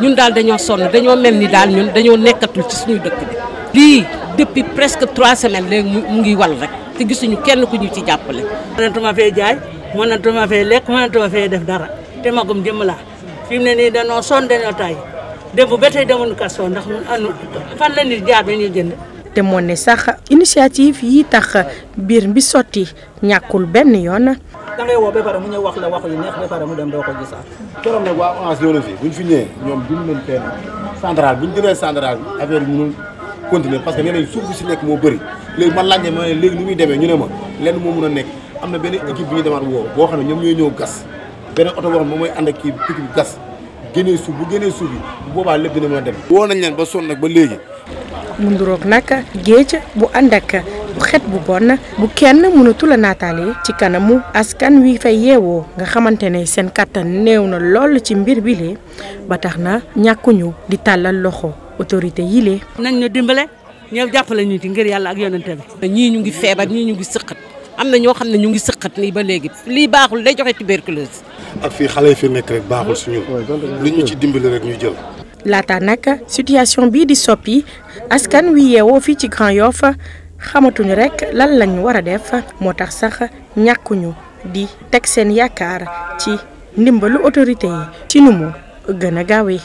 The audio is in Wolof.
ñun daal dañoo sonn dañoo mel ni daal ñun dañoo nekkatul ci suñu dëkk bi. lii depuis presque trois semaines léegi mu ngi wal rek te gisuñu kenn ku ñu ci jàppale. mënatuma fee jaay mënatuma fee lekk mënatuma fee def dara te magum jëmm laa fi ne nii danoo sonn dañoo taay démb ba tey demoon kaso ndax fan la nit jaar ba ñuy jënd. te moo ne sax initiative yi tax biir bi sotti ñàkkul benn yoon. da ngay woo ba pare mu ñëw wax mu dem bu parce que nee nañ si nekk moo bëri léegi man laaj ma léegi ni muy demee ñu ne ma lenn moo mun a nekk am na benn équipe bi ñu demaat woo boo xam ne ñoom ñooy ñëw gas beneen oto boo xam ne moom mooy ànd ak kii picc bi gas génnee suuf bu génnee suuf boobaa lépp dina mën a dem. woo nañ leen ba sonn nag ba léegi. mu nduroog nag géej bu ànd ak xet bu bon bu kenn mënatul a naataale ci kanamu askan wi fay yeewoo nga xamante ne seen kàttan néew na lool ci mbir bi lee ba tax na ñàkkuñu di tàllal loxo autorité yi lee nañ ñu dimbale ñëw jàppale ñu ci ngir yàlla ak yonente bi ñii ñu ngi feebar ñii ñu ngi sëqat am na ñoo xam ne ñu ngi sëqat nii ba léegi lii baaxul day joxe tuberculose ak fii xale yi fi nekk rek baaxul suñu li ñu ci dimbale rek ñu jël laata nag situation bii di soppi askan wi yeewoo fii ci Grand Yoff xamatuñu rek lan lañ war a def moo tax sax ñàkkuñu di teg seen yaakaar ci ndimbalu autorité yi ci nu mu gën a yi